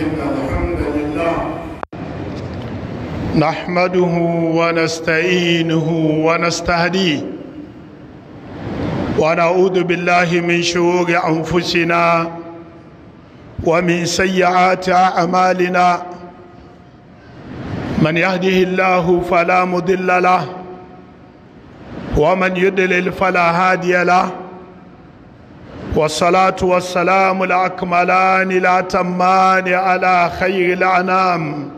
الحمد لله نحمده ونستعينه ونستهديه ونعوذ بالله من شرور أنفسنا ومن سيئات أعمالنا من يهده الله فلا مضل له ومن يضلل فلا هادي له والصلاة والسلام الأكملان الأتمان على خير الأنام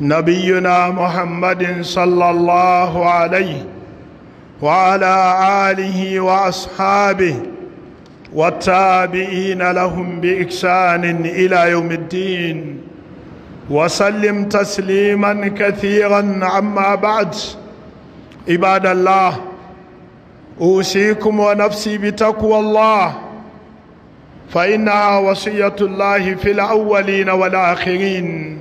نبينا محمد صلى الله عليه وعلى آله وأصحابه والتابعين لهم بإحسان إلى يوم الدين وسلم تسليما كثيرا عما بعد عباد الله أوصيكم ونفسي بتقوى الله فإنها وصية الله في الأولين والآخرين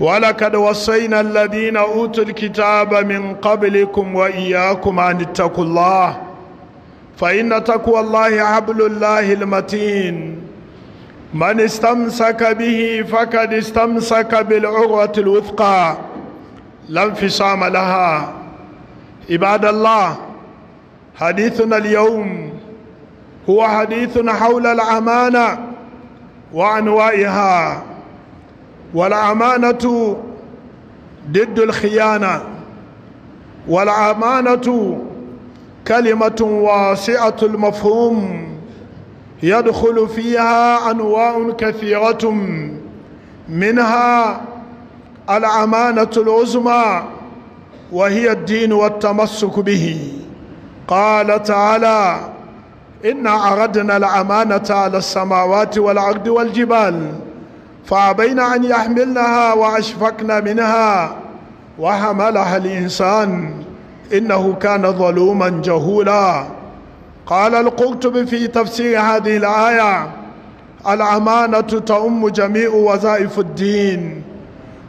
ولقد وصينا الذين أوتوا الكتاب من قبلكم وإياكم أن اتقوا الله فإن تقوى الله حبل الله المتين من استمسك به فقد استمسك بالعروة الوثقى لا انفصام لها عباد الله حديثنا اليوم هو حديث حول الأمانة وأنواعها والأمانة ضد الخيانة والأمانة كلمة واسعة المفهوم يدخل فيها أنواع كثيرة منها الأمانة العظمى وهي الدين والتمسك به قال تعالى إنا أردنا الأمانة على السماوات والأرض والجبال فأبين أن يحملنها وأشفقن منها وحملها الإنسان إنه كان ظلوما جهولا قال القرطبي في تفسير هذه الآية الأمانة تؤم جميع وظائف الدين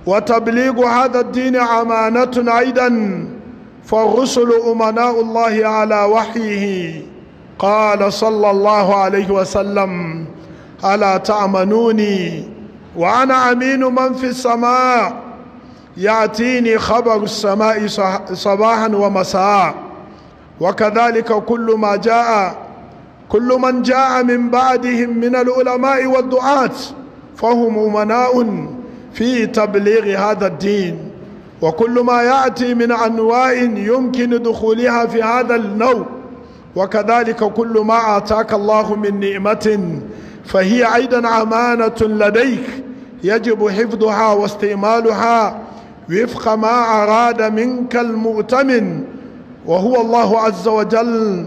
وتبليغ هذا الدين أمانة أيضاً فالرسل أمناء الله على وحيه قال صلى الله عليه وسلم ألا تأمنوني وأنا أمين من في السماء يأتيني خبر السماء صباحا ومساء وكذلك كل ما جاء كل من جاء من بعدهم من العلماء والدعاة فهم أمناء في تبليغ هذا الدين وكل ما يأتي من أنواع يمكن دخولها في هذا النوع وكذلك كل ما آتاك الله من نعمة فهي أيضا أمانة لديك يجب حفظها واستعمالها وفق ما أراد منك المؤتمن وهو الله عز وجل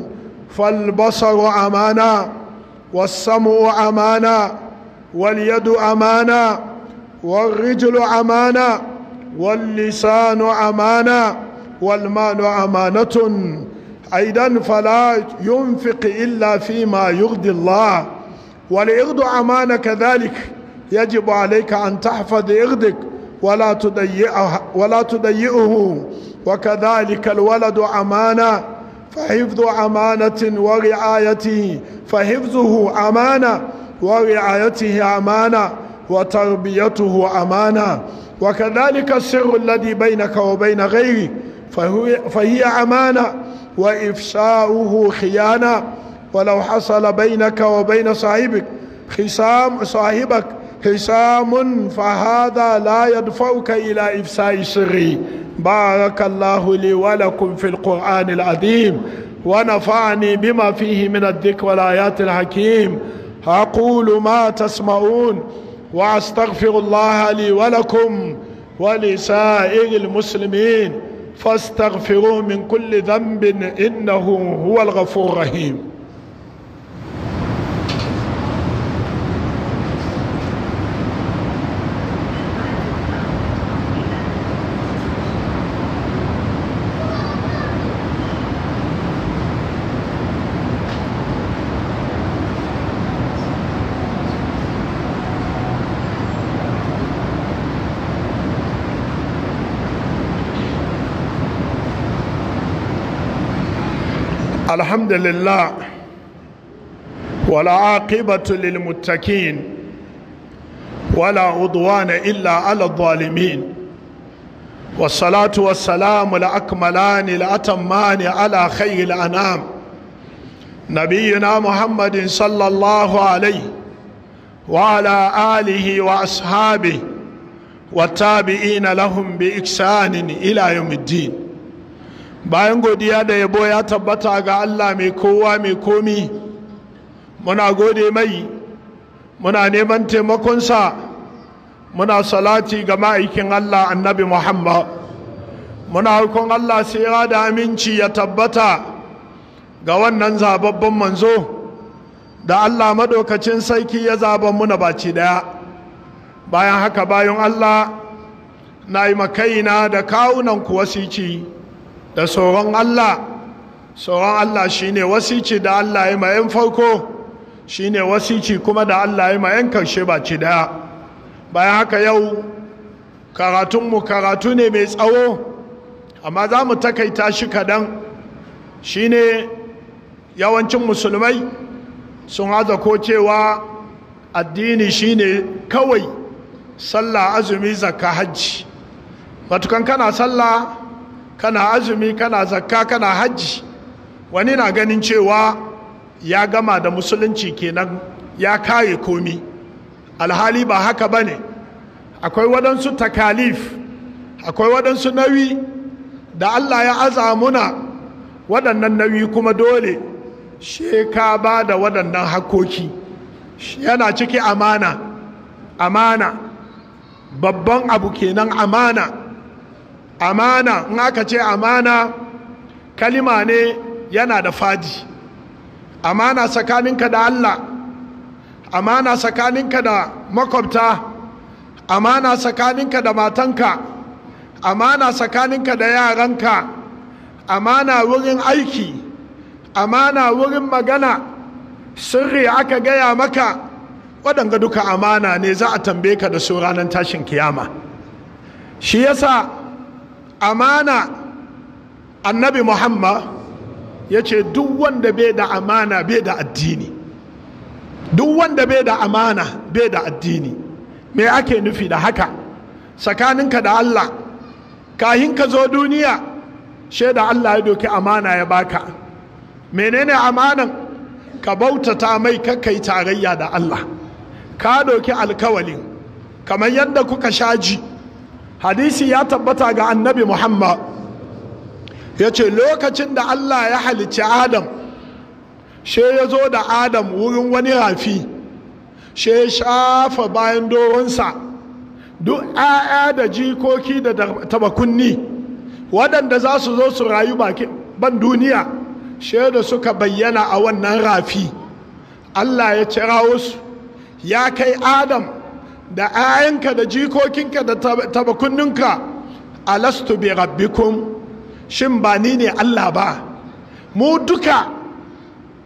فالبصر أمانة والسمع أمانة واليد أمانة والرجل أمانة واللسان أمانة والمال أمانة أيضا فلا ينفق إلا فيما يغضي الله والإغض أمانة كذلك يجب عليك أن تحفظ إغضك ولا تضيئه ولا تضيئه وكذلك الولد أمانة فحفظ أمانة ورعايته فحفظه أمانة ورعايته أمانة وتربيته أمانة وكذلك السر الذي بينك وبين غيري فهي أمانة وإفشاؤه خيانة ولو حصل بينك وبين صاحبك خصام صاحبك خصام فهذا لا يدفعك إلى إفساء سري بارك الله لي ولكم في القرآن العظيم ونفعني بما فيه من الذكر والآيات الحكيم أقول ما تسمعون واستغفر الله لي ولكم ولسائر المسلمين فاستغفروه من كل ذنب انه هو الغفور الرحيم الحمد لله ولا عاقبة للمتقين ولا عدوان إلا على الظالمين والصلاة والسلام الأكملان الأتمان على خير الأنام نبينا محمد صلى الله عليه وعلى آله وأصحابه والتابعين لهم بإحسان إلى يوم الدين bayan godiya da yabo ya tabbata ga allah mai kowa mai komi muna gode mai muna neman taimakonsa muna salati ga ma'aikin allah annabi muhammad muna hukun allah sai da aminci ya tabbata ga wannan zababban manzo da allah maɗaukacin sarki ya zaben muna baci daya bayan haka bayan allah na yi makaina da kawunan kuwa ci. da tsoron Allah tsoron Allah shine wasici da Allah ya ma yan farko shine wasici kuma da Allah ya ma yan karshe ci daya bayan haka yau karatunmu karatu ne mai tsawo amma za mu takaita shi kadan shine yawancin musulmai sun haza ko cewa addini shine kawai sallah azumi zakka hajji matukan kana sallah kana azumi kana zakka kana hajji wani na ganin cewa ya gama da musulunci kenan ya kare komi alhali ba haka ba ne akwai waɗansu takalif akwai waɗansu nauyi da allah ya aza muna waɗannan nauyi kuma dole sheka ba da waɗannan hakoki yana ciki amana amana babban abu kenan amana amana in aka ce amana kalima ne yana da fadi amana tsakaninka da allah amana tsakaninka da makwabta amana tsakaninka da matanka amana tsakaninka da yaranka amana wurin aiki amana wurin magana sirri aka gaya maka waɗanga duka amana ne za a tambaye ka da su ranar tashin kiyama shi yasa amana annabi muhammad ya ce duk wanda bai da amana bai da addini duk wanda bai da amana bai da addini me ake nufi da haka tsakaninka da allah kahin ka zo duniya shaida allah ya doki amana ya baka menene amanan ka bautata mai kakai tarayya da allah ka doki alkawalin kamar yadda kuka shaji ji hadisi ya tabbata ga annabi muhammad ya ce lokacin da allah ya halicci adam she ya zo da adam wurin wani rafi she ya shafa bayan doronsa duk 'ya'ya da jikoki da tabakunni waɗanda za su zo su rayu ban duniya she da suka bayyana a wannan rafi allah ya cira wasu ya kai adam da 'ya'yanka da jikokinka da tabakunninka alastu bi rabbikum shin ba ni ne Allah ba mu duka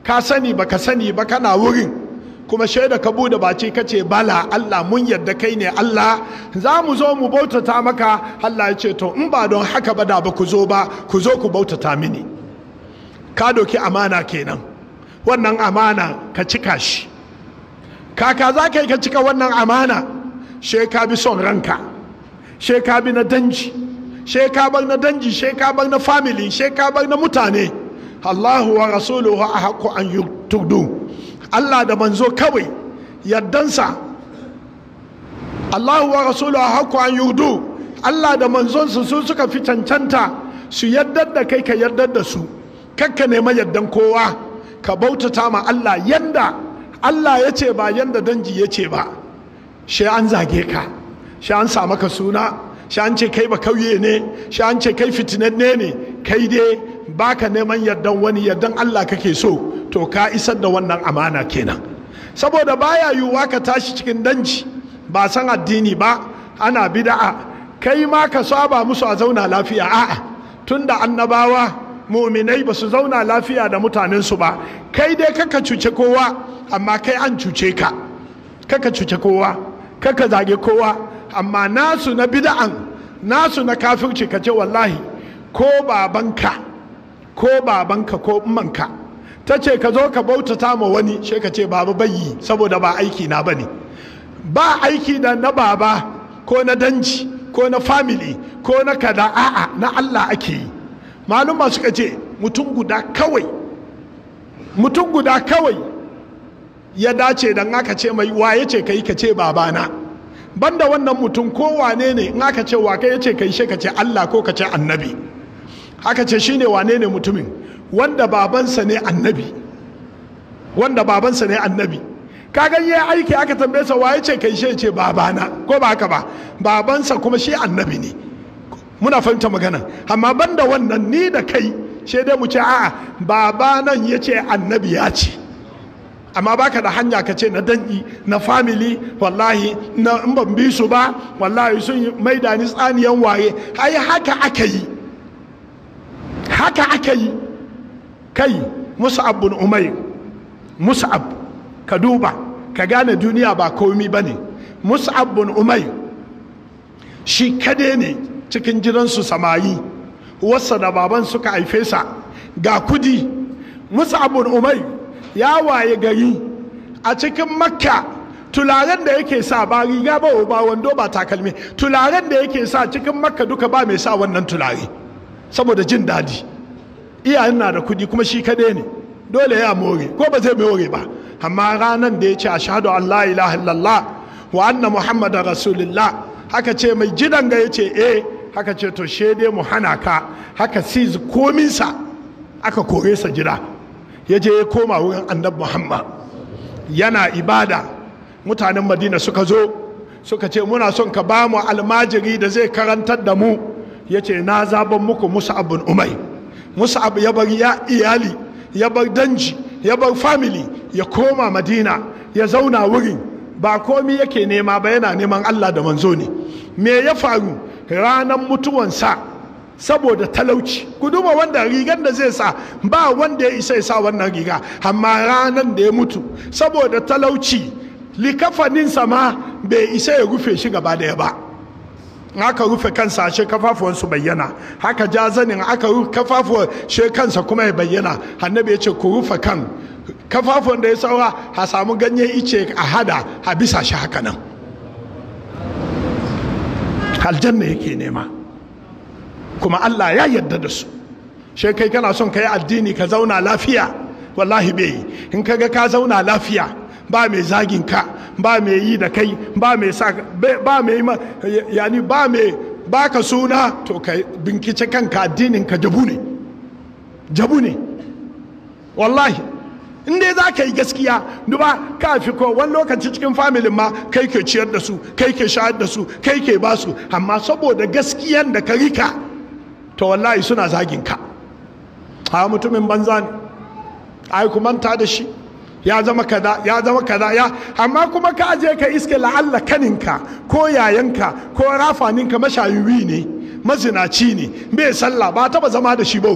ka sani baka sani ba kana wurin kuma shaida ka bude baci ka ce bala Allah mun yadda kai ne Allah za mu zo mu bautata maka Allah ya ce to in ba don haka ba da ba ku zo ba ku zo ku bautata mini ka doki amana kenan wannan amana ka cika shi kaka za ka yi ka cika wannan amana Sheka ka bi son ranka sheka ka bi na danji sheka ka bar na danji sheka ka bar na family sheka ka bar na mutane Allahu wa rasuluhu a haƙo an yi tudu Allah da manzo kawai yaddansa Allahu wa rasuluhu haƙo an tudu Allah da manzonsu su suka fi cancanta su yadda da kai ka yadda da su kakka nema yaddan kowa ka bautata ma Allah yanda Allah ya ce ba yanda danji ya ce ba shi an zage ka shi an sa maka suna shi an ce kai ba kauye ne shi an ce kai fitinanne ne kai dai baka neman yardan wani yardan Allah kake so to ka isar da wannan amana kenan saboda baya yiwuwa ka tashi cikin danci ba san addini ba ana bida'a kai ma ka saba musu a zauna lafiya a'a tunda annabawa muminai ba su zauna lafiya da mutanensu ba kai dai kaka cuce kowa amma kai an cuce ka kaka cuce kowa kaka zage kowa amma nasu na bida'an nasu na kafirci ka ce wallahi ko babanka ko babanka ko manka ta ce ka zo ka bautata ma wani she ka ce baba bayi saboda ba aiki na bane ba aiki da na baba ko na danji ko na famili ko na kada a'a na Allah ake yi maluma suka ce mutum guda kawai mutum guda kawai ya dace dan aka ce mai wa ya ce kai ka ce babana banda wannan mutum ko wane ne in aka ce wa kai ya ce kai she ka ce Allah ko ka ce annabi aka ce shine wane ne mutumin wanda babansa ne annabi wanda babansa ne annabi kaga yi aiki aka tambaye sa waye ce kai she ce babana ko ba haka ba babansa kuma shi annabi ne muna fahimta magana amma banda wannan ni da kai she dai mu ce a'a babanan yace annabi ya ce amma baka da hanya ka ce na dangi na family wallahi na in ban bi su ba wallahi sun mai da tsaniyan waye ai haka aka yi haka aka yi kai mus'ab bin umay mus'ab ka duba ka gane duniya ba komi bane mus'ab bin umay shi kade ne cikin gidansu samayi wasa da baban suka haife sa ga kudi mus'ab bin umay ya waye gari a cikin makka tularen da yake sa ba riga ba ba wando ba takalmi tularen da yake sa cikin makka duka ba mai sa wannan tulare saboda jin daɗi iyayen na da kuɗi kuma shi kaɗai ne dole ya more ko ba zai more ba amma ranar da ya ce a an la ilaha illallah wa anna rasulillah haka ce mai jidan ga ya ce eh haka ce to shede mu hana ka haka siz kominsa aka kore sa jira ya je ya koma wurin annab muhammad yana ibada mutanen madina suka zo suka ce muna son ka ba mu almajiri da zai karantar da mu ya ce na zaben muku abin umai abu ya bar iyali ya bar danji ya bar famili ya koma madina ya zauna wurin ba komi yake nema ba yana neman allah da manzo ne me ya faru ranar mutuwansa saboda talauci ku wanda rigar da zai sa ba wanda ya isa ya sa wannan riga amma ranar da ya mutu saboda talauci likafaninsa ma bai isa ya rufe shi gaba daya ba aka rufe kansa ashe kafafuwan su bayyana haka jazanin aka rufe kafafuwan she kansa kuma ya bayyana annabi ya ce ku rufe kan kafafuwan da ya saura a samu ganye ice a hada a bisa shi haka nan aljanna yake nema kuma Allah ya yarda da su she kai kana son ka yi addini ka zauna lafiya wallahi bai yi in ka ga ka zauna lafiya ba mai zagin ka ba mai yi da kai ba mai sa ba mai ma yani ba mai baka suna to ka binkice kanka addinin ka jabu ne jabu ne wallahi in dai za ka yi gaskiya duba ka fi ko wani lokaci cikin familin ma kai ke ciyar da su kai ke shayar da su kai ke ba su amma saboda gaskiyan da ka rika to wallahi suna zagin ka ha mutumin banza ne ai manta da shi ya zama kaza ya zama kaza ya amma kuma ka je ka iske la'alla kaninka ko yayanka ko rafaninka mashayiwi ne mazinaci ne bai sallah ba taba zama da shi ba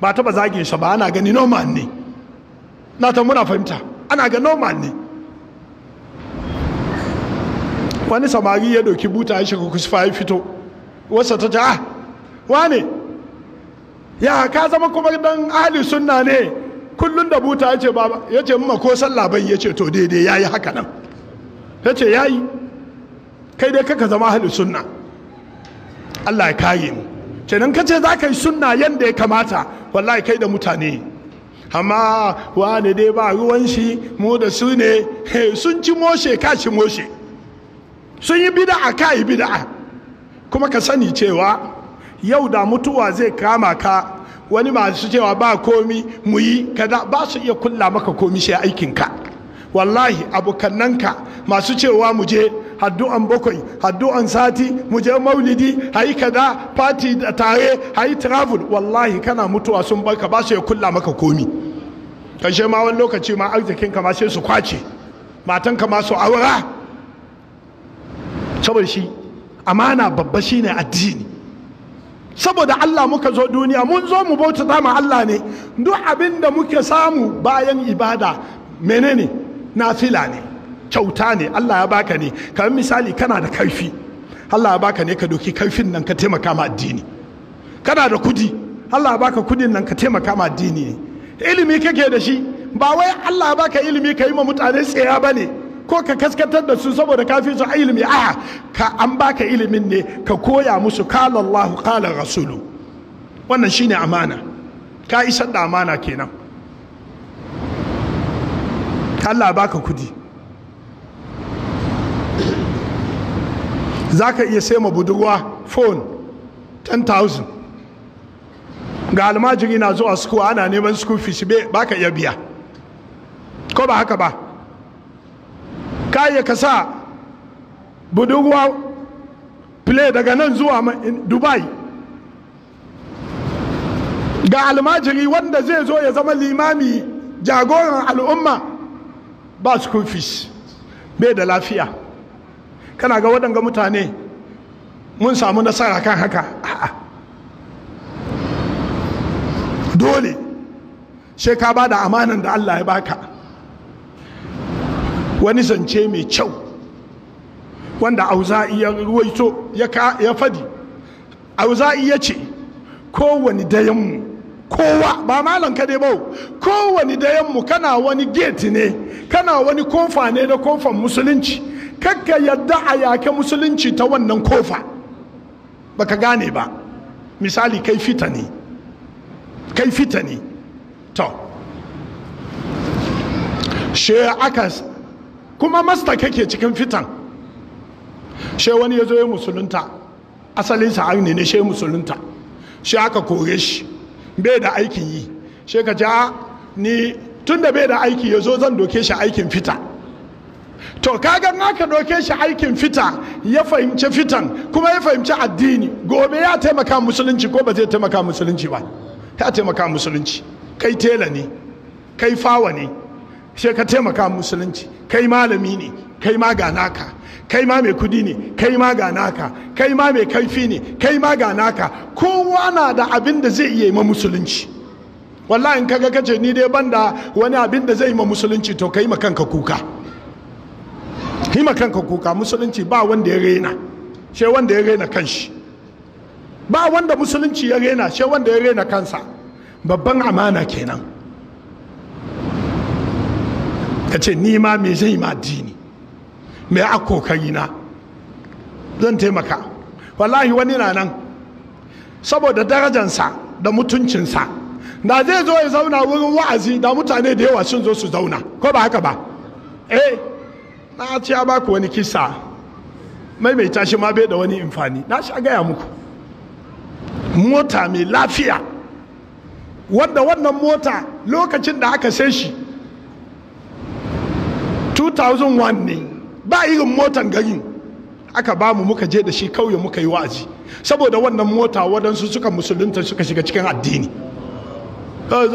ba taba zagin shi ba ana gani normal ne na ta muna fahimta ana ga normal ne wani samari ya doki buta ya shiga kusfa ya fito wasa ta ta wane ya ka zama kuma dan ahli sunna ne Kullum da buta yace baba ce mama ko sallah bai Ya ce to daidai ya yi haka nan Ya ce ya yi? kai dai kaka zama ahli sunna Allah ya kayi mu nan kace za ka yi sunna yadda ya kamata wallahi kai da mutane amma wane dai ba ruwan shi mu da su ne sun ci moshe ka ci moshe sun yi bida'a ka yi bida'a kuma ka sani cewa yau da mutuwa zai kama ka wani masu cewa ba komi mu yi kaza ba su iya kulla maka komi aikin ka. wallahi abokannanka masu cewa mu je haddu'an bakwai haddu'an sati mu je maulidi hayi kada fati da tare hayi travel wallahi kana mutuwa sun barka ba su iya kulla maka komi kashe ma wani lokaci ma arzikinka ma sai su kwace matanka ma su aura saboda shi amana babba shine addini saboda Allah muka zo duniya mun zo mu bautata ma Allah ne duk abin da muke samu bayan ibada menene nafila ne kyauta ne Allah ya baka ne kamar misali kana da karfi Allah ya baka ne ka doki karfin nan ka taimaka ma addini kana da kudi Allah ya baka kudin nan ka taimaka ma addini ne ilimi kake da shi ba wai Allah ya baka ilimi ka yi ma mutane tsaya bane ko ka kaskantar da su saboda kafi su ilimi a ka an baka ilimin ne ka koya musu kala Allah kala rasulu wannan shine amana ka isar da amana kenan Allah baka kudi za ka iya sai ma budurwa phone 10,000 ga almajiri na zuwa school ana neman school fees baka iya biya ko ba haka ba kaya ka sa budurwa play daga nan zuwa dubai ga almajiri wanda zai zo ya zama limami jagoran al'umma ba school fees bai da lafiya kana ga waɗanga mutane mun samu nasara kan haka dole sai ka ba da amanan da allah ya baka wani zance mai kyau wanda auza'i ya ruwaito ya fadi auza'i ya ce kowane dayanmu kowa ba malam ka dai bau kowane dayanmu kana wani geti ne kana wani kofa ne da kofan musulunci kakka yadda a yake musulunci ta wannan kofa baka gane ba misali kai fita ne kai fita ne to shi aka kuma masta kake cikin fitan she wani ya zo ya musulunta asalin sa'ar ne ne she musulunta she aka kore shi bai da aikin yi she ka ja ni tun da bai da aiki ya zo zan doke shi aikin fita to ka kaga ka doke shi aikin fita ya fahimci fitan kuma ya fahimci addini gobe ya taimaka musulunci ko ba zai taimaka musulunci ba ya taimaka musulunci kai tela ne kai fawa ne sai ka taimaka musulunci kai malami ne kai ma ga naka kai ma mai kudi ne kai ma ga naka kai ma mai kaifi ne kai ma ga naka kowa na da abin da zai iya yi ma musulunci wallahi in kaga kace ni dai banda wani abin da zai yi ma musulunci to kai ma kanka kuka Kai ma kanka kuka musulunci ba wanda ya rena shi wanda ya rena kanshi ba wanda musulunci ya rena shi wanda ya rena kansa babban amana kenan ka ce ni ma me zai ma dini me a na zan taimaka wallahi wani na nan saboda darajansa da mutuncinsa na zai zo ya zauna wurin wa'azi da mutane da yawa sun zo su zauna ko ba haka ba eh na ce ya baku wani kisa maimaita shi ma bai da wani imfani na sha gaya muku mota mai lafiya wanda wannan mota lokacin da aka sai shi 2001 ne ba irin motan garin aka ba mu muka je da shi kauye muka yi wa'azi saboda wannan mota waɗansu suka musulunta suka shiga cikin addini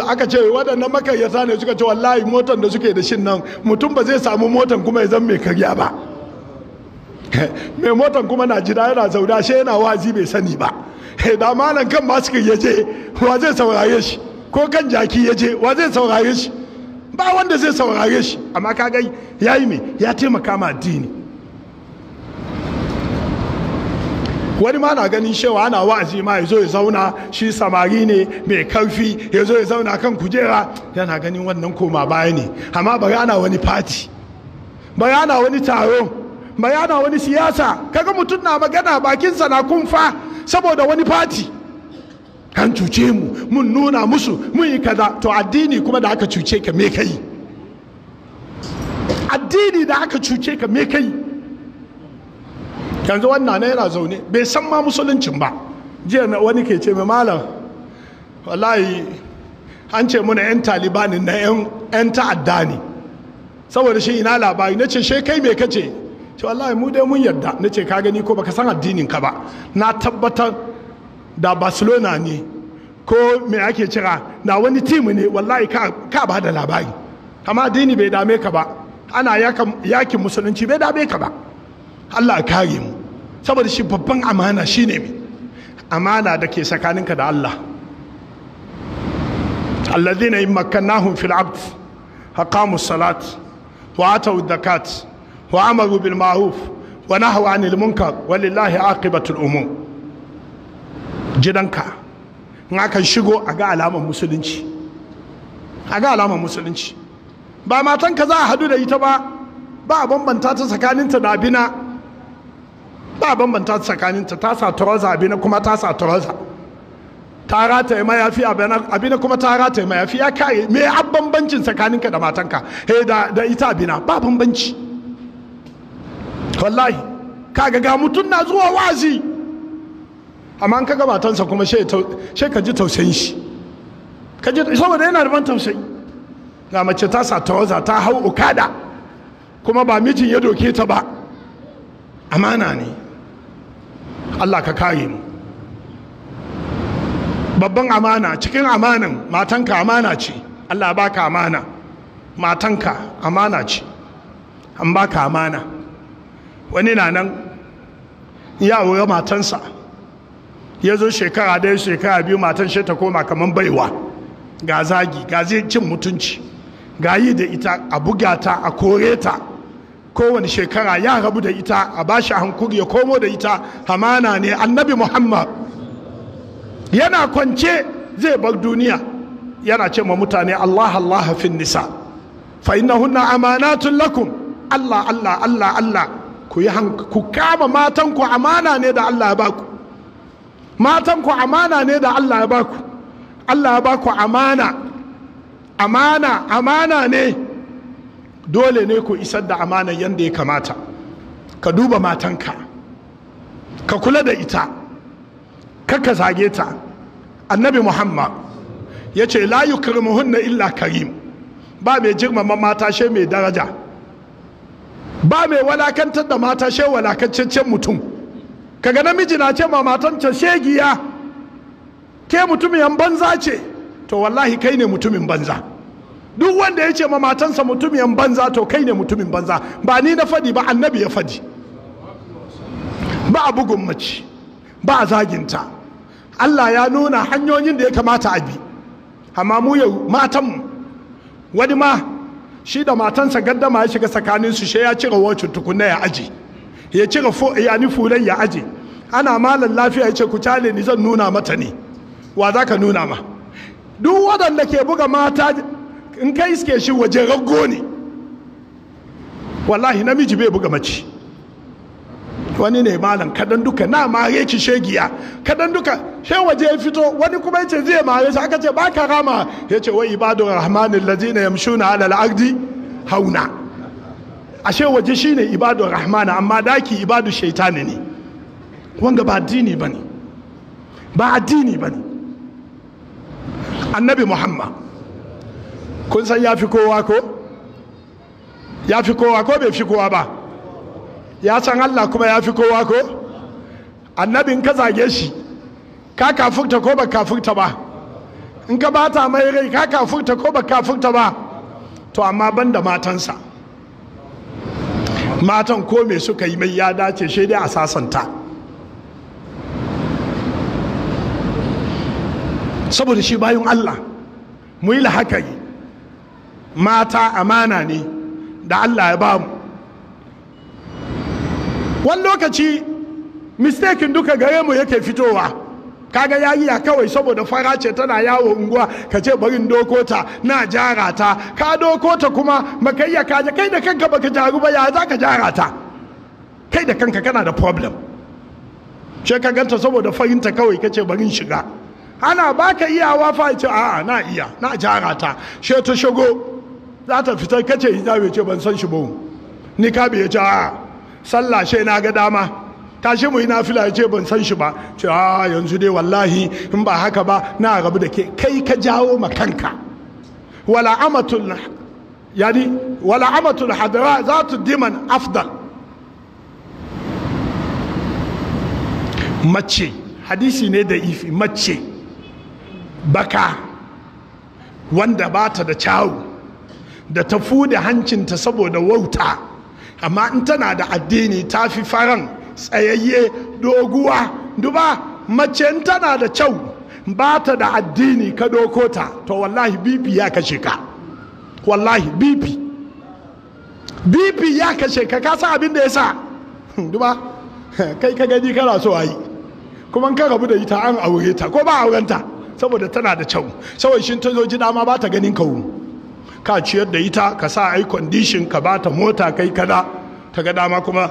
aka ce waɗannan makayyata ne suka ce wallahi motan da suke da shin nan mutum ba zai samu motan kuma ya zan mai karya ba mai motan kuma na jira yana zauna shi yana wazi bai sani ba da malam kan masu ya wa zai saurare shi ko kan jaki ya je wa zai saurare shi ba wanda zai saurare shi amma kaga ya yi mai ya taimaka ma addini wani ma na ganin shewa ana wa'azi ma ya zo ya zauna shi samari ne mai karfi ya zo ya zauna kan kujera yana ganin wannan koma baya ne amma bari ana wani fati bari ana wani taro bari ana wani siyasa kaga mutum na magana bakinsa na kumfa saboda wani fati an cuce mu mun nuna musu mun yi kaza to addini kuma da aka cuce ka me kai addini da aka cuce ka me kai yanzu wannan na yana zaune bai san ma musuluncin ba jiya wani ke ce mai malam wallahi an ce muna 'yan talibanin na 'yan ta'adda ne saboda shi ina labari na ce shekai mai kace ce wallahi mu dai mun yarda na ce ka gani ko baka san addinin ka ba na tabbatar da barcelona ne ko me ake cira na wani timu ne wallahi ka ba da labari amma dini bai dame ka ba ana yakin musulunci bai dame ka ba allah kare mu saboda shi babban amana shine mai amana da ke tsakaninka da allah allazina yi makkannahum fil abd aqamu salat wa atau zakat wa amaru bil ma'ruf wa nahaw anil munkar walillahi aqibatul umur gidanka in aka shigo a ga alamar musulunci a ga alamar musulunci ba matanka za a hadu da ita ba ba a bambanta ta tsakaninta da abina ba a bambanta ta tsakaninta ta sa turaza abina kuma ta sa turaza ta ya mayafi abina kuma ta ya mayafi ya kare me a bambancin tsakaninka da matanka he da ita abina ba bambanci wallahi kaga ga mutum na zuwa wazi amma an kaga matansa kuma sai ka ji tausayin shi saboda yana da ban tausayi ga mace ta sa tawaza ta hau okada kuma ba mijin ya doke ta ba amana ne allah ka kare mu babban amana cikin amanan matanka amana ce allah baka amana matanka amana ce an baka amana wani na nan ya matansa ya zo shekara ɗaya shekara biyu matan shi ta koma kamar baiwa ga zagi ga zai cin mutunci ga yi da ita a buga ta a kore ta kowane shekara ya rabu da ita a ba bashi hankuri ya komo da ita hamana ne annabi muhammad yana kwance zai bar duniya yana ce ma mutane allah allah fin nisa fa hunna amanatun lakum allah allah allah allah ku ku kama matanku amana ne da allah ya baku matan ku amana ne da Allah ya baku Allah ya baku amana amana amana ne dole ne ku isar da amana yadda ya kamata ka duba matanka ka kula da ita Karka zage ta annabi muhammad ya ce la yukrimuhunna illa karim ba mai jirmama mata mai daraja ba mai walakantar da mata walakancancen mutum kaga namiji na ce ma matansa shegiya ke mutumin banza ce to wallahi kai ne mutumin banza duk wanda ya ce ma matansa mutumin banza to kai ne mutumin banza ba ni na fadi ba annabi ya fadi ba a bugun mace ba a zaginta Allah ya nuna hanyoyin da ya kamata a bi amma mu yau matanmu wani ma shi da matansa gaddama ya shiga tsakaninsu shi ya cire wacin tukunna ya aji ya cire ga yani fulan ya aje ana malan lafiya ya ce ku cale ni zan nuna mata ne wa za ka nuna ma duk waɗanda ke buga mata in kai iske shi waje raggo ne wallahi namiji bai buga mace wani ne malam kadan duka na mare ki shegiya kadan duka she waje ya fito wani kuma yace zai mare shi aka ce baka rama yace wai ibadu rahmanil ladina yamshuna ala al-ardi hauna ashe waje shine ibadu rahmana amma daki ibadu shaitani ne wanga ba addini ba ne ba addini ba ne annabi muhammad kun san ya fi kowa ko ya fi kowa ko bai fi kowa ba ya san allah kuma ya fi kowa ko annabin ka zage shi ka kafurta ko ba kafurta ba in ka bata mai rai ka kafurta ko ba kafurta ba to amma ban da matansa matan ko me suka yi mai ya dace shi dai a sasanta saboda shi bayan Allah mu yi lahakari mata amana ne da Allah ya ba mu wani lokaci mistakin duka gare mu yake fitowa kaga yariya kawai saboda fara ce tana yawo unguwa ka ce barin dokota na jara ta ka dokota kuma makayya ka kai da kanka baka jaru ba ya za ka jara ta kai da kanka kana da problem ce ka ganta saboda farinta kawai ka ce barin shiga ana baka iyawa fa ce a'a na iya na jara ta she ta shigo za ta fita kace hijabi ce ban san shi ba ni ka ya ce a'a sallah she na ga dama tashi mu yi nafila ya ce ban san shi ba ce a ah, yanzu dai wallahi in ba haka ba na rabu da ke kai ka jawo ma kanka wala amatul yani wala amatul hadra za tu diman afdal mace hadisi ne da ifi mace baka wanda ba ta da kyawu da ta fude hancinta saboda wauta amma in tana da addini ta fi faran tsayayye doguwa duba mace tana da kyau ba ta da addini ka dokota. to wallahi bibi ya kashe ka wallahi bibi bibi ya kashe ka kasa abin da ya sa duba kai ka gani kana so ayi. yi kuma ka rabu da ita an aure ta ko ba aurenta saboda tana da kyau saboda shi ta zo ji dama ba ta ganin kawo ka ciyar da ita ka sa ai condition ka ba ta mota kai kada ta ga dama kuma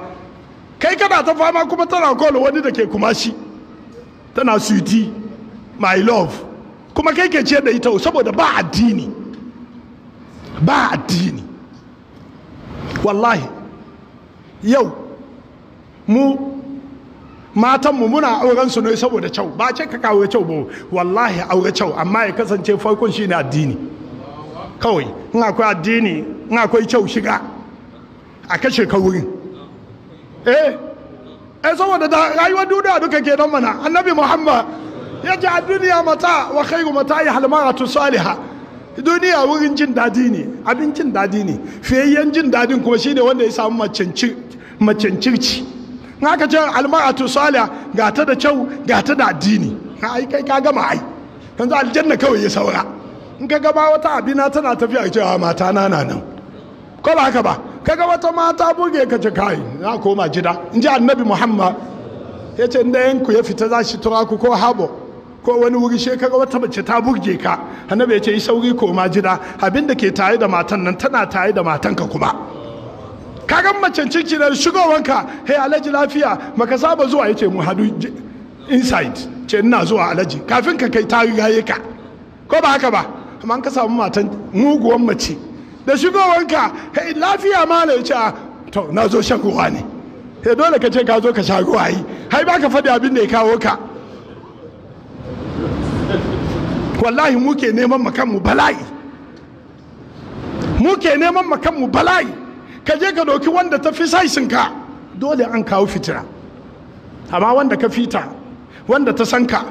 kai kana ta fama kuma tana call wani da ke kuma shi tana sweetie my love kuma kai ke ciyar da ita saboda ba addini ba addini wallahi yau mu matanmu muna auren su ne saboda kyau ba ce ka kawo kyau ba wallahi aure kyau amma ya kasance farkon shi ne addini kawai in akwai addini in akwai kyau shiga a kashe ka Eh, eh saboda da rayuwar duniya duka ke don mana annabi muhammad ya ji a duniya mata wa khairu mata halmara halmaratu saliha duniya wurin jin dadi ne abin jin dadi ne fiyayyen jin dadin kuma shine wanda ya samu macincirci na ka ce almaratu saliha ga ta da kyau ga ta da addini ai kai ka gama ai yanzu aljanna kawai ya saura in ka gaba wata abina tana tafiya cewa mata na nan ko ba haka ba kaga wata mata buge ka ce kai na koma gida in ji annabi muhammad ya ce inda yanku ya fita za shi tura ko habo ko wani wuri she kaga wata mace ta burge ka annabi ya ce yi sauri koma gida abinda ke tare da matan nan tana tare da matanka kuma kagan macen ciki da shigowanka he alhaji lafiya maka saba zuwa yace mu hadu inside ce ina zuwa alhaji kafin ka kai ta ka ko ba haka ba amma an ka samu matan muguwan mace da shigowanka hey, lafiya mala ya ce ah, to na zo shan ruwa ne sai dole ka ce ka zo ka sha ruwa yi hai ba ka faɗi abin da ya kawo ka wallahi muke neman makanmu bala'i muke neman makanmu bala'i ka je ka doki wanda ta fi ka. dole an kawo fitira amma wanda ka fita wanda ta san ka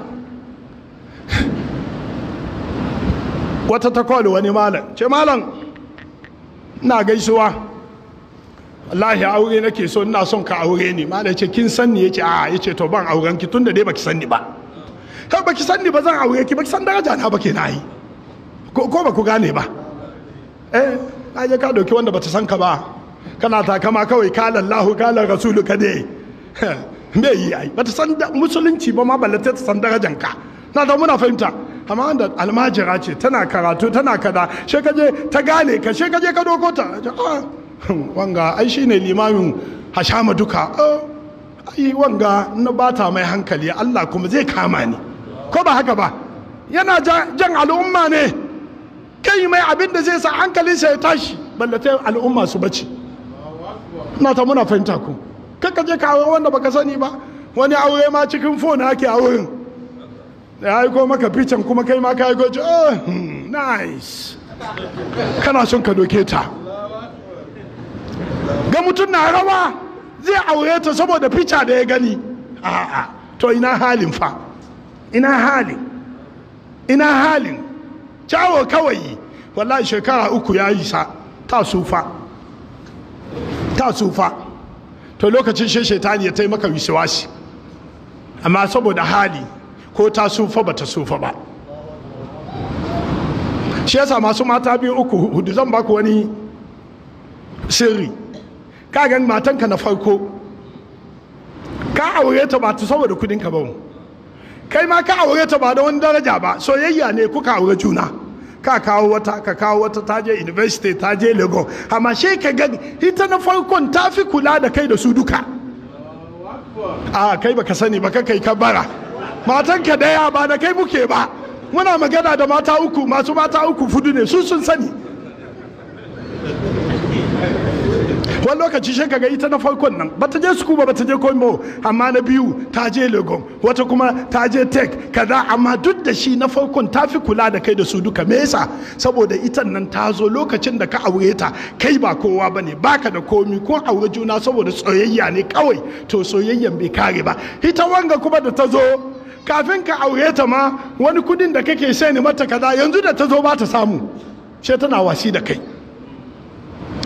wata ta wani malam ce malam ina gaisuwa ya aure nake so ina son ka aure ni ma ce kin san ni yace a yace to ban auren ki tunda dai baki san ni ba kai baki san ni ba zan aure ki baki san daraja na ba na yi ko ba ku gane ba eh je ka doki wanda bata san ka ba kana takama kawai lallahu ka kala rasulu ka dai me yi ai bata san musulunci ba ma balle ta san darajan ka na da muna fahimta amma wanda almajira ce tana karatu tana kada she ta gane ka she ka dokota ah, wanga ai shi ne limamin hashama duka ah, ai wanga na bata mai hankali Allah kuma zai kama ni ko ba haka ba yana jan al'umma ne kai mai abin da zai sa hankalinsa ya tashi ballatai al'umma su bace na ta muna fahimta ku kakka je ka wanda baka sani ba wani aure ma cikin fona ake auren ya aiko maka ficen kuma kai ma ka yi goji oh nice kana son ka doke ta ga mutum na rawa zai aure ta saboda fica da ya gani a'a to ina halin fa ina halin ina halin cawo kawai wallahi shekara uku ya yi sa ta sufa ta sufa to lokacin shi shaitani ya taimaka wisiwasi amma saboda hali ko ta sufa ba ta sufa ba shi yasa masu mata biyu uku hudu zan baku wani sirri ka gan matanka na farko ka aure ta ba ta saboda kudin ka ba kai ma ka aure ta ba da wani daraja ba soyayya ne kuka aure juna ka kawo wata ka kawo wata ta je university ta je lagos amma shi ka gani ita na farkon ta fi kula da kai da su duka a kai baka sani ba kai ka bara matanka daya ba da kai muke ba muna magana da mata uku masu mata uku fudu ne su sun sani wani lokaci shi ga ita na farkon nan bata je suku ba bata je komo amma na biyu ta je legon wata kuma ta je tech kaza amma duk da shi na farkon ta fi kula da kai da su duka mesa. saboda ita nan ta zo lokacin da ka aure ta kai ba kowa ba ne baka da komi ko aure juna saboda soyayya ne kawai to soyayyan bai kare ba ita wanga kuma da ta zo kafin ka aure ta ma wani kudin da kake shani mata kaza yanzu da ta zo ba ta samu she tana wasi da kai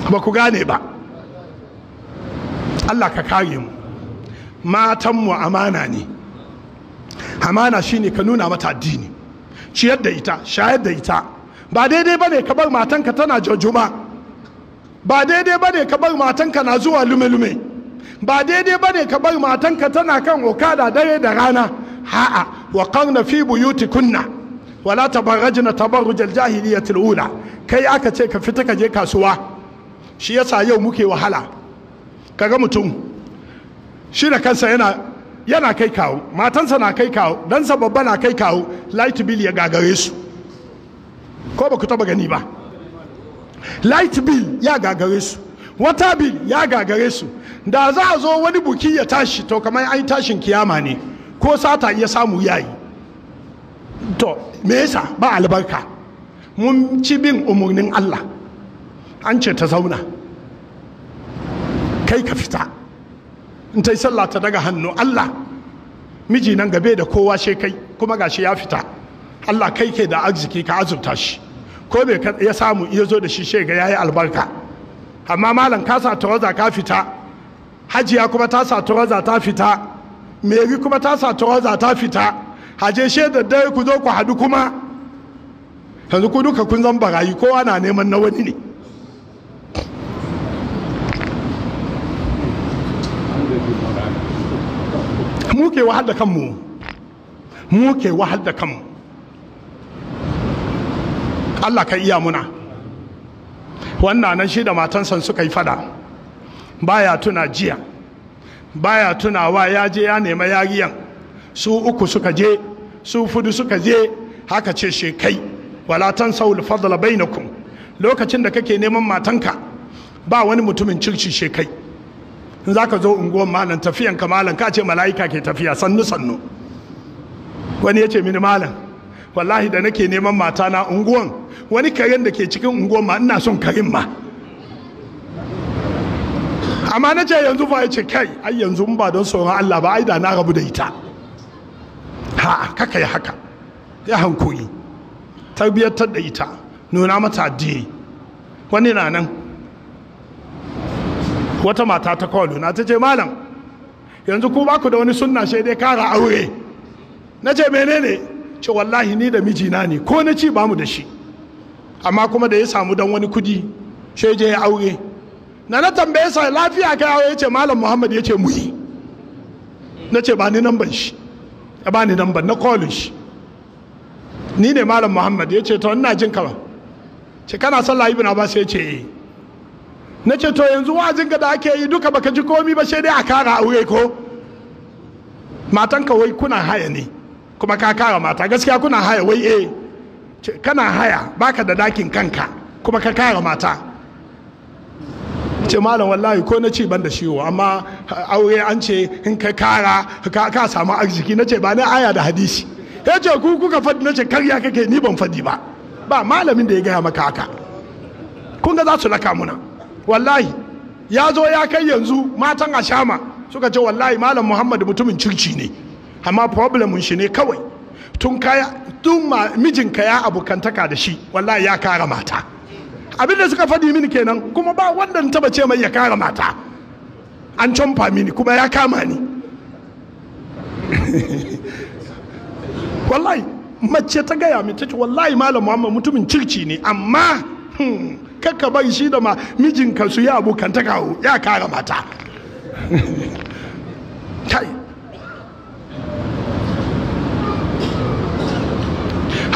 ba ku gane ba Allah ka kare mu matanmu amana ne amana shine ka nuna mata addini ciyar da ita shayar da ita ba daidai bane ka bar matanka tana jajjuma ba daidai bane ka bar matanka na zuwa lume-lume ba daidai bane ka bar matanka tana kan okada dare da rana a'a wa qarna fi kunna, wala tabarrajna tabarruj al-jahiliyyah ula kai aka ce ka fita ka je kasuwa shi yasa yau muke wahala kaga mutum shi da kansa yana yana kai kawo matansa na kai kawo dansa babba na kai kawo light bill ya gagare su ko ba ku taba gani ba light bill ya gagare su wata bill ya gagare su da za a zo wani buki ya tashi to kamar an tashin kiyama ne ko sata ya samu yayi to me yasa ba albarka mun ci bin umarnin Allah an ce ta zauna kai ka fita in ta yi sallah ta daga hannu Allah miji nan gabe da kowa shi kai kuma gashi ya fita Allah kai ke da arziki ka azurta shi ko me ya samu iya zo da shi shi ga yayi albarka amma malam ka sa tawaza ka fita hajiya kuma ta sa tawaza ta fita mary kuma ta sa trouser ta fita haje she da dai ku zo ku hadu kuma yanzu ku duka kun zan barayi kowa na neman na wani ne muke wahal da kanmu muke wahal da kanmu Allah ka iya muna wannan nan shi da matansan suka yi fada baya tuna jiya baya tunawa ya je ya nema yariyan su uku suka je su fudu suka je haka ce she kai wala fadla bainakum lokacin da kake neman matanka ba wani mutumin circi shekai. kai in zaka zo unguwar malam tafiyan ka malam ka ce mala'ika ke tafiya sannu sannu wani ya ce mini malam wallahi da nake neman matana unguwan wani karen da ke cikin unguwan ma ina son karin ma amma na ce yanzu fa ya ce kai ai yanzu ba don tsoron Allah ba ai da na rabu da ita ha kaka kai haka ya hankuri tarbiyyar da ita nuna mata addini wani na nan wata mata ta kawo na ta ce malam yanzu ku ba ku da wani sunna shi dai kara aure na ce menene ce wallahi ni da mijina ne ko na ci ba mu da shi amma kuma da ya samu dan wani kudi shi je ya aure na na tambaye sa lafiya ka yawo ya ce malam muhammad ya ce mu yi na ce ba ni namban shi ya ba ni namban na kolin shi ni ne malam muhammad ya ce to ina jin kama ce kana sallah ibn abbas ya ce eh na ce to yanzu wa'azin ga da ake yi duka baka ji komi ba sai dai a kara aure ko matanka wai kuna haya ne kuma ka kara mata gaskiya kuna haya wai eh kana haya baka da dakin kanka kuma ka kara mata ce malam wallahi ko na ce ban da shiwo amma eh, aure an ce in ka kara ka samu arziki na ce ba na aya da hadisi ya ce ku kuka faɗi na ce karya kake ni ban faɗi ba ba malamin da ya gaya maka haka kun ga za su laka muna wallahi ya zo ya kai yanzu matan ashama suka ce wallahi malam muhammad mutumin circi ne amma problemin shi ne kawai tun kaya tun mijinka ya abokantaka da shi wallahi ya kara mata abin da suka faɗi mini kenan kuma ba wanda taba ce mai ya kara mata an canfa mini kuma ya kama ni wallahi mace ta gaya ta tace wallahi malam muhammad mutumin circi ne amma hmm, kakka bai shi da ma mijinka su ya abokan ta kawo ya kara mata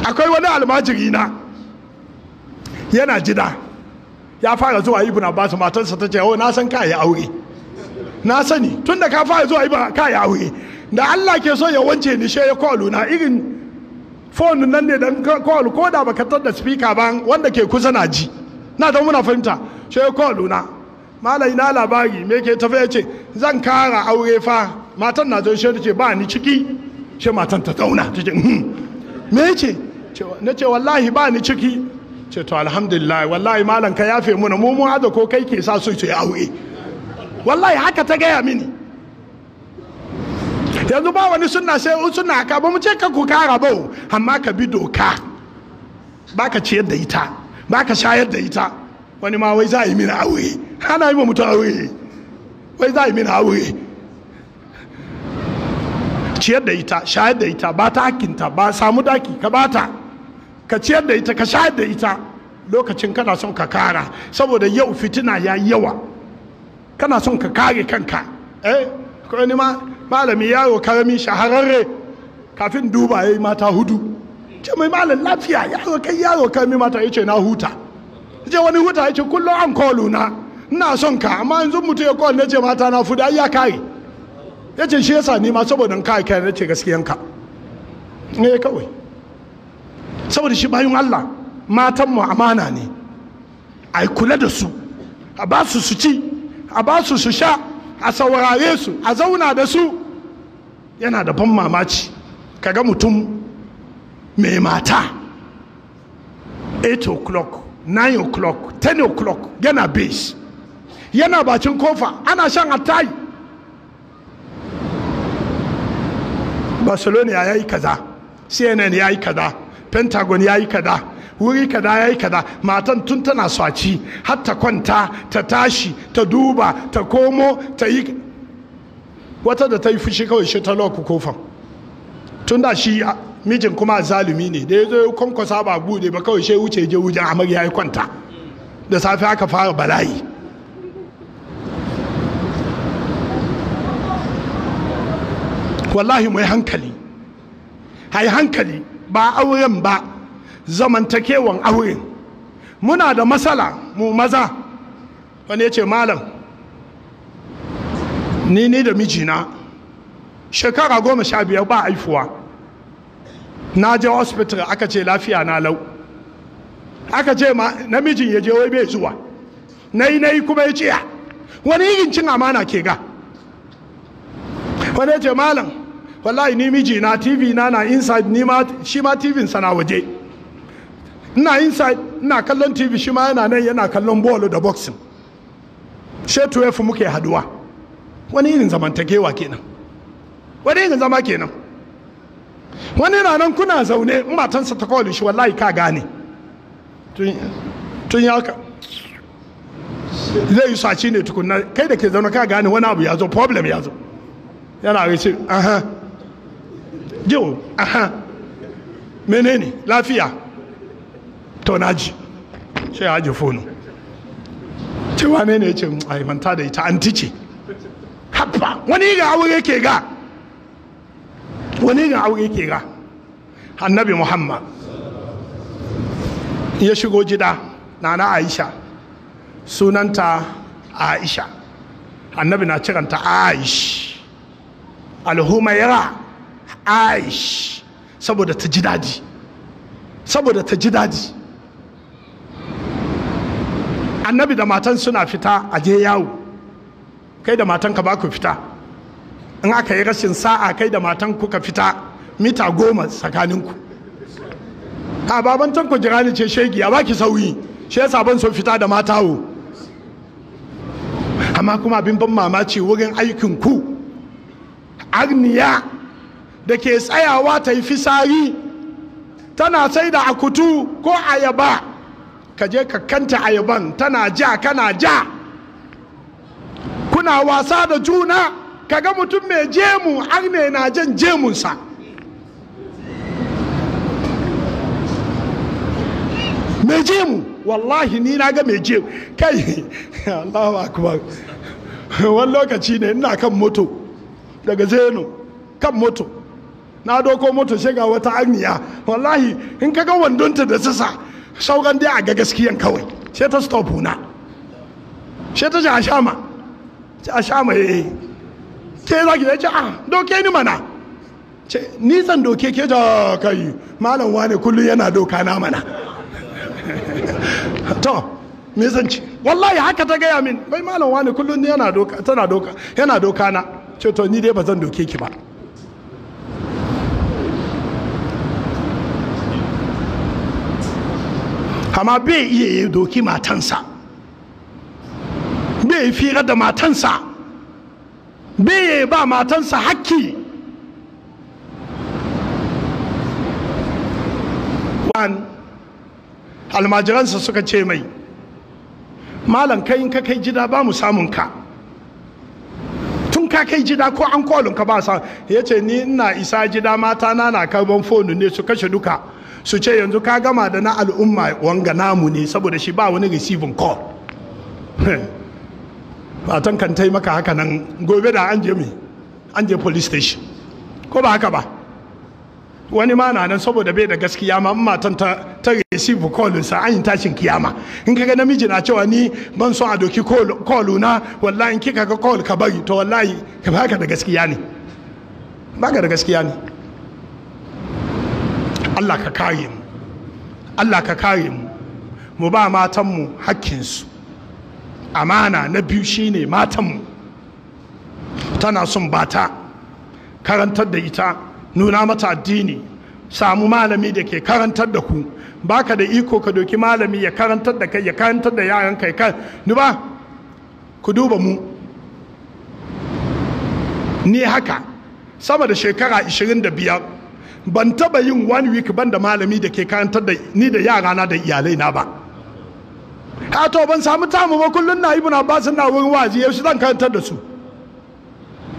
akwai wani almajiri na yana jida ya fara zuwa ibn abbas matarsa ta ce oh na san ka yi aure na sani tun da ka fara zuwa ibn ka yi aure da Allah ke so ya wance ni she ya kwalu na irin phone nan ne dan kwalu ko da baka da speaker ba wanda ke kusa na ji na don muna fahimta she ya kwalu na malai na labari me ke tafi ya ce zan kara aure fa matan na zo she ta ce ba ni ciki she matan ta zauna ta ce hmm. me ce na ce wallahi ba ni ciki ce to alhamdulillah wallahi malam ka yafe muna mu mun haza ko kai ke sa su ce aure wallahi haka ta gaya mini yanzu ba wani suna sai suna ka ba mu ce ka ku kara ba amma ka bi doka ba ka ciyar da ita ba ka shayar da ita wani ma wai za a yi mini aure ana yi wa mutum aure wai za a yi mini aure ciyar da ita shayar da ita ba ta hakinta ba samu daki ka ba ta ka ciyar da ita ka sha da ita lokacin kana son ka kara saboda yau fitina ya yawa kana son ka kare kanka eh ko ni ma malami yaro karami shahararre kafin duba yayi mata hudu ce mai malam lafiya yaro kai yaro karami mata yace na huta je wani huta yace kullum an kolu na ina son ka amma yanzu mutum ya kol na ce mata na fuda ya kare Ya ce shi yasa ni ma saboda kai kai na ce gaskiyanka ne eh, kawai saboda shi bayan Allah matan mu amana ne a kula da su a ba su su ci a ba su su sha a saurare su a zauna da su yana da ban mamaci kaga mutum mai mata 8 o'clock 9 o'clock 10 o'clock yana base yana bacin kofa ana shan attayi barcelona ya yi kaza cnn ya yi kaza pentagon ya yi kada wuri kada ya yi kada matan tun tana swaci har ta kwanta ta tashi ta duba ta komo ta yi wata da ta yi fushi kawai shi ta loku kofan tun da shi mijin kuma zalimi ne da ya zo kwankwasa ba bude ba kawai shi wuce je wujen amar ya yi kwanta da safe aka fara bala'i wallahi mai hankali hai hankali ba auren ba zamantakewan auren muna da matsala mu maza wani ya ce malam ni ni da mijina shekara goma sha biyar ba haifuwa na je hospital aka ce lafiya na lau aka ce ma namijin ya je wai bai zuwa na yi na yi kuma ya ciya wani yin cin amana ke ga wani ya ce malam wallahi ni miji na tv na na inside ni ma shi ma tv sana waje ina inside ina kallon tv shi ma yana nan yana kallon bolo da boxing she to muke haduwa wani irin zamantakewa kenan wani irin zama kenan wani na nan kuna zaune in matansa ta kawo shi wallahi ka gane tun ya ka zai yi sace ne tukunna kai da ke zaune ka gane wani abu ya zo problem ya zo yana wace aha jiwo aha menene lafiya to na ji sai ya ji fono cewa ne ne ce ai manta da ita an tice haba wani ga aure ke ga wani ga aure ke ga annabi muhammad ya shigo gida na aisha sunanta aisha annabi na ciranta aish yara. aish saboda ta ji daji saboda ta ji daji annabi da matan suna fita a je yawo kai da matan ka ba ku fita in aka yi rashin sa'a kai da matan kuka fita mita goma tsakaninku a babantan ku jirani ce shegi a baki sauyi shi yasa ban so fita da matawo amma kuma abin ban mamaci wurin aikin ku agniya da ke tsayawa ta yi fisari tana sai da akutu ko ayaba ka je ka kanta ayaban tana ja kana ja kuna wasa da juna kaga mutum mai jemu an ne na jan jemunsa mai jemu wallahi ni na ga mai jemu kai allahu akbar wani lokaci ne ina kan moto daga zeno kan moto na doko mota shiga wata amiya wallahi in kaga wandonta da sisa sauran dai a ga gaskiyan kawai sai ta stop na sai ta ji a shama a shama yi. Eh, eh. ke za ki ce a ah, doke ni mana ce ni zan doke ke ja kai malam wane kullum yana doka na mana to me zan ci wallahi haka ta gaya min bai malam wane kullum yana doka tana doka yana doka na ce to ni dai ba zan doke ki ba amma bai iya yi doki matansa bai fira da matansa bai yi ba matansa hakki almajiransa suka ce mai malam kai in ka kai gida ba mu samun ka tun ka kai jida ko an kolin ka ba sa ya ce ni ina isa jida mata na na karban fonu ne su kashe duka su ce yanzu ka gama da na al'umma wanga namu ne saboda shi ba wani receiving call fatan kan taimaka haka nan gobe da an je mai an je police station ko ba haka ba wani ma na nan saboda bai da gaskiya ma matan ta ta receive call sa an yi tashin kiyama in kaga namiji na cewa ni ban so a doki call na wallahi in kika ga call ka bari to wallahi ka baka da gaskiya ne baka da gaskiya ne Allah ka kare mu Allah ka kare mu mu ba matan mu hakkinsu amana na biyu shine matan mu tana son bata karantar da ita nuna mata addini samu malami da ke karantar da ku baka da iko ka doki malami ya karantar da kai ya karantar da yaran kai kan ba ku duba mu ni haka sama da shekara 25 ban taba yin one week ban da malami da ke karantar da ni da yarana da iyalai na ba a to ban samu tamu ba kullun na ibn abbas na wurin wazi yau zan karantar da su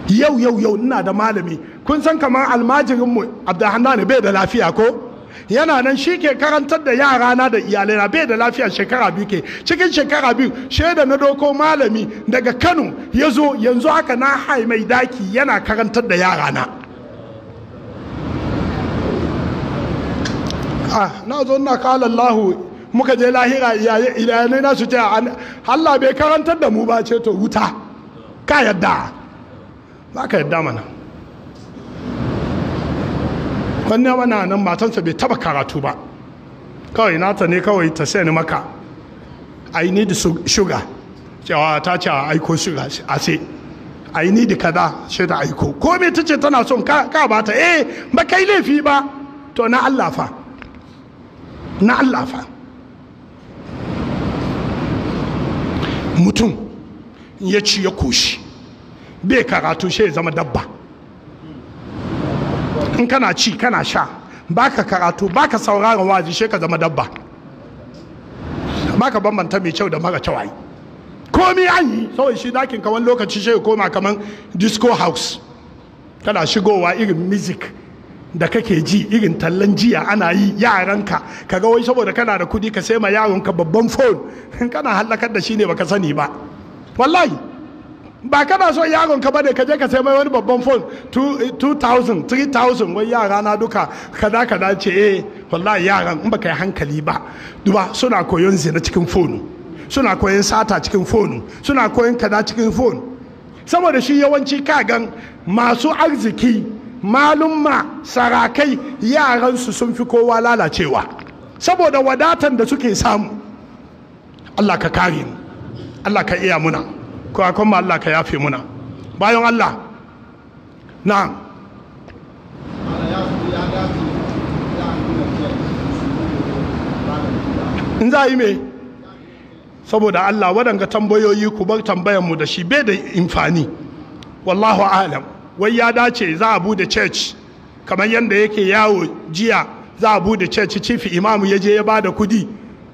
yau yau yau ina da malami kun san kamar almajirin mu ne bai da lafiya ko yana nan shi ke karantar da yarana da iyalaina bai da lafiya shekara biyu ke cikin shekara biyu shaida na doko malami daga kano ya zo yanzu haka na haimai daki yana karantar da yara na ah na zo na kala Allahu muka je lahira iyayenai na su ce Allah bai karantar da mu ba ce to wuta ka yadda za ka yadda mana wani wana nan matansa bai taba karatu ba kawai nata ne kawai ta sai ni maka i need sugar cewa ta ce a aiko sugar a ce i need kaza sai ta aiko komai ta ce tana son ka ba ta eh ba kai laifi ba to na Allah fa na Allah fa mutum ya ci ya koshi bai karatu shi ya zama dabba in kana ci kana sha baka karatu baka sauraron wazi shi ka zama dabba baka bambanta mai kyau da mara kyau ayi komi an yi saboda shi dakin kawan lokaci shi ya koma kamar disco house tana shigowa irin music da kake ji irin tallan jiya ana yi yaranka kaga wai saboda kana da kudi ka sai ma yaronka babban phone kana hallakar da shi ne baka sani ba wallahi ba kana so yaronka bane ka je ka sai mai wani babban phone 2000 3000 wai yara na duka kada kada ce eh wallahi yaran in baka yi hankali ba duba suna koyon zina cikin phone suna koyon sata cikin phone suna koyon kada cikin phone saboda shi yawanci kagan masu arziki malumma sarakai yaransu sun fi kowa lalacewa saboda wadatan da suke samu Allah ka kare mu Allah ka iya muna ko akon Allah ka yafe muna bayan Allah na. in za a yi me saboda Allah waɗanga tambayoyi ku bar tambayanmu da shi bai da imfani wallahu alam wai ya dace za a bude church kamar yadda yake yawo jiya za a bude church chief imamu ya je ya ba da kudi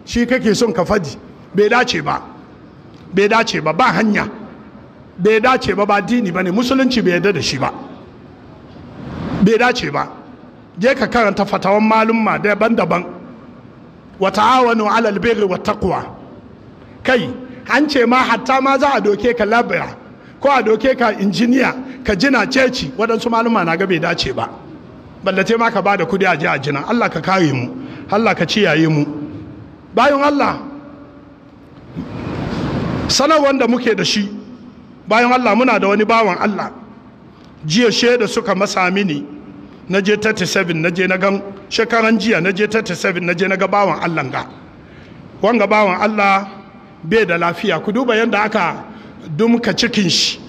shi kake son ka fadi bai dace ba bai dace ba ba hanya bai dace ba ba dini ba ne musulunci bai yarda da shi ba bai dace ba je ka karanta fatawan malumma daban-daban wa ta'awanu alal birri wa taqwa kai an ce ma hatta ma za a doke ka labira ko a doke ka injiniya ka jina ceci waɗansu maluma na ga bai dace ba ballate ma ka ba da kudi a ji a jina Allah ka kare mu Allah ka ciyaye mu bayan Allah sanar wanda muke da shi bayan Allah muna da wani bawan Allah jiya shaida suka masa mini na je 37 na je na gan shekaran jiya na je 37 na je na ga bawan Allah ga wanga bawan Allah bai da lafiya ku duba yadda aka dumka cikin shi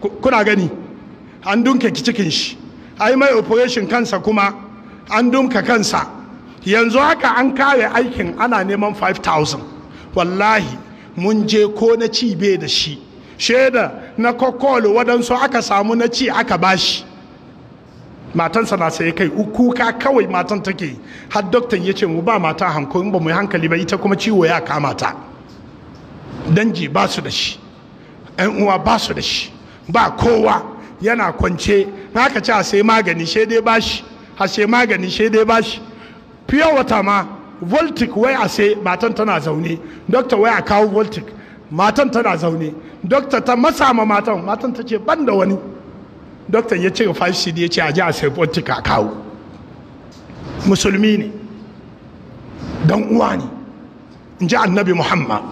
kuna gani an dumka cikin shi ai mai operation kansa kuma an dumka kansa yanzu haka an kare aikin ana neman 5000 wallahi mun je ko na ci bai da shi shaida na kokolo waɗansu aka samu na ci aka bashi matansa na sai kai kuka kawai matan take har doktan ya ce mu ba mata hankali ba mu hankali ba ita kuma ciwo ya kamata don danji ba su da shi 'yan uwa ba su da shi ba kowa yana kwance haka ce a sai magani sai dai ba shi, a sai magani sai dai shi fiye wata ma voltic wai a sai matan tana zaune dokta wai a kawo voltic matan tana zaune dokta ta masa ma matan matan ta ce ban da wani dokta ya ce 5 cd ya ce a ji a sai voltic a kawo musulmi ne dan uwa ne in ji annabi muhammad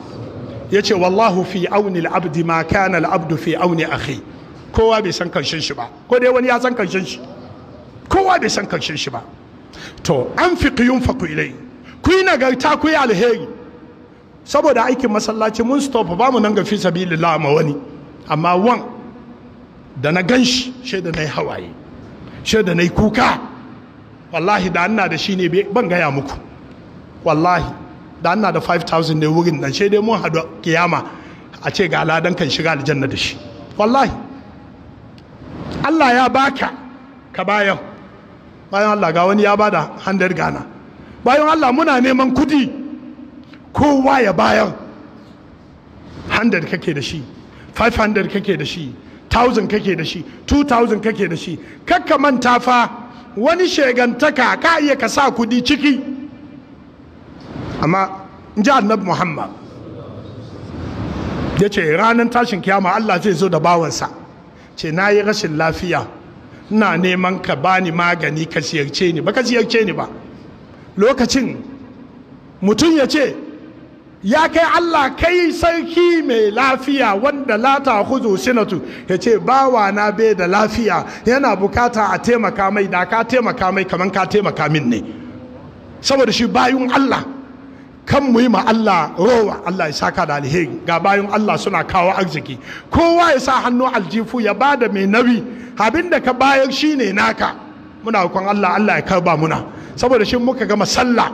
Ya ce wallahu fi auni al'abdi abdi ma kana al'abdu abdu fi auni akhi kowa bai san karshen shi ba ko dai wani ya san karshen shi kowa bai san karshen shi ba to an fi yunfaku ilai ku yi nagarta ku alheri saboda aikin masallaci mun stop ba mu nan ga fi sabilillah ma wani amma wan da na gan shi da na yi hawaye shaida na yi kuka wallahi da na da shi ne ban gaya muku wallahi da ana da 5000 ne wurin nan sai dai mun hadu kiyama a ce ga ladan kan shiga aljanna da shi wallahi Allah ya baka ka bayan bayan Allah ga wani ya bada 100 gana bayan Allah muna neman kudi kowa ya bayan 100 kake da shi 500 kake da shi 1000 kake da shi 2000 kake da shi kakka manta fa wani shegantaka ka iya ka sa kudi ciki amma in ji annabi muhammad ya ce ranar tashin kiyama allah zai zo da bawansa ce na yi rashin lafiya na neman ka bani magani ka ziyarce ni ba ka ziyarce ni ba lokacin mutum ya ce ya kai Allah kai sarki mai lafiya wanda lata huzu sinatu ya ce bawa na bai da lafiya yana bukata a taimaka mai da ka taimaka mai kamar ka taimaka min ne saboda shi bayun Allah kan mu yi ma Allah rowa Allah ya saka da alheri ga bayan Allah suna kawo arziki kowa ya sa hannu aljifu ya ba da mai nabi abin da ka bayar shi ne naka muna kwan Allah Allah ya karba muna saboda shi muka gama sallah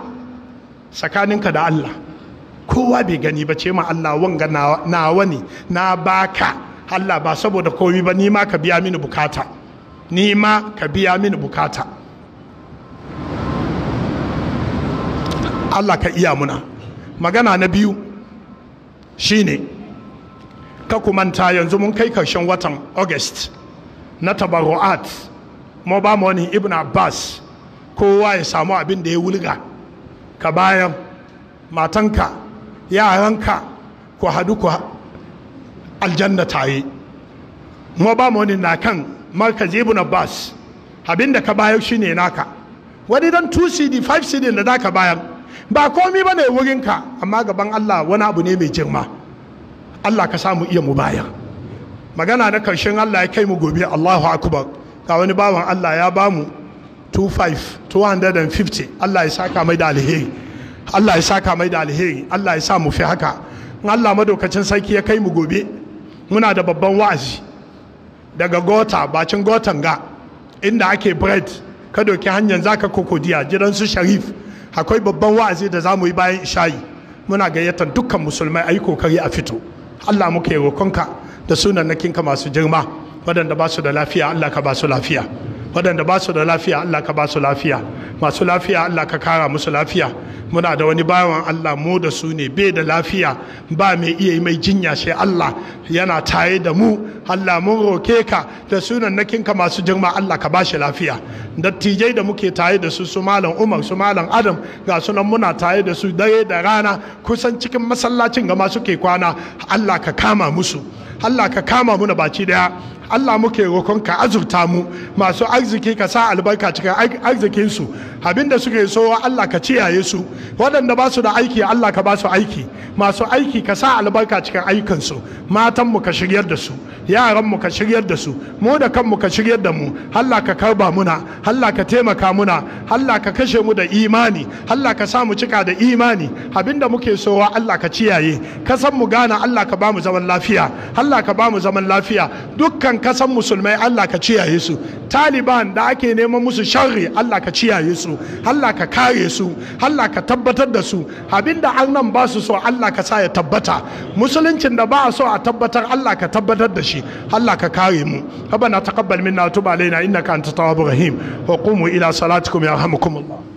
tsakaninka da Allah kowa bai gani ba ce ma Allah wanga nawa ne na baka Allah ba saboda komi ba ni ka biya mini bukata nima ka biya mini bukata Allah ka iya muna magana na biyu shine ka kumanta yanzu mun kai karshen watan august na tabarru'at mobile wani ibn abbas kowa ya samu abin da ya wulga ka bayan matanka yaranka ku hadu ku aljanna tare mobile wani na kan markazi ibn abbas abin da ka bayar shine naka wani dan 2 cd 5 cd da za ka bayan. ba komi ba ne wurinka amma gaban Allah wani abu ne mai jirma. Allah ka samu iya mu baya magana na karshen Allah ya kai mu gobe Allahu akbar ga wani bawan Allah ya bamu 25 250 Allah ya saka mai da alheri Allah ya saka mai da alheri Allah ya sa mu fi haka in Allah madaukacin sarki ya kai mu gobe muna da babban wa'azi daga gota bacin gotan ga inda ake bread ka doki hanyar zaka kokodiya gidan su sharif akwai babban wa'azi da za mu yi bayan ishayi muna gayyatar dukkan musulmai a yi kokari a fito allah muka yi rokonka da sunan na kinka masu girma waɗanda ba su da lafiya allah ka ba su lafiya waɗanda ba su da lafiya allah ka ba su lafiya masu lafiya allah ka kara musu lafiya muna da wani bayan Allah mu da su ne bai da lafiya ba mai iya yi mai jinya shi Allah yana tare da mu Allah mun roke ka da sunan nakinka masu jirma, Allah ka bashi lafiya dattijai da muke tare da su su malam Umar su malam Adam ga sunan muna tare da su dare da rana kusan cikin masallacin ga masu ke kwana Allah ka kama musu Allah ka kama muna baci daya Allah muke roƙon ka azurta mu masu arziki ka sa albarka cikin arzikin su abinda suke so Allah ka ciyaye su waɗanda ba su da aiki Allah ka ba su aiki masu aiki ka sa albarka cikin aikansu. su matan mu ka shiryar da su ya Yaran mu ka shiryar da su mu da kanmu ka shiryar da mu Allah ka karba muna Allah ka taimaka muna Allah ka kashe mu da imani Allah ka sa mu cika da imani abinda muke sowa Allah ka ciyaye kasan mu gana Allah ka bamu zaman lafiya Allah ka bamu zaman lafiya dukkan kasan musulmai Allah ka ciyaye su Taliban da ake neman musu sharri Allah ka ciyaye su Allah ka kare su Allah ka tabbatar da su abinda an nan ba su so Allah ka sa ya tabbata musuluncin da ba a so a tabbatar Allah ka tabbatar da shi الله ككارم ربنا تقبل منا وتب علينا انك انت التواب الرحيم وقوموا الى صلاتكم يرحمكم الله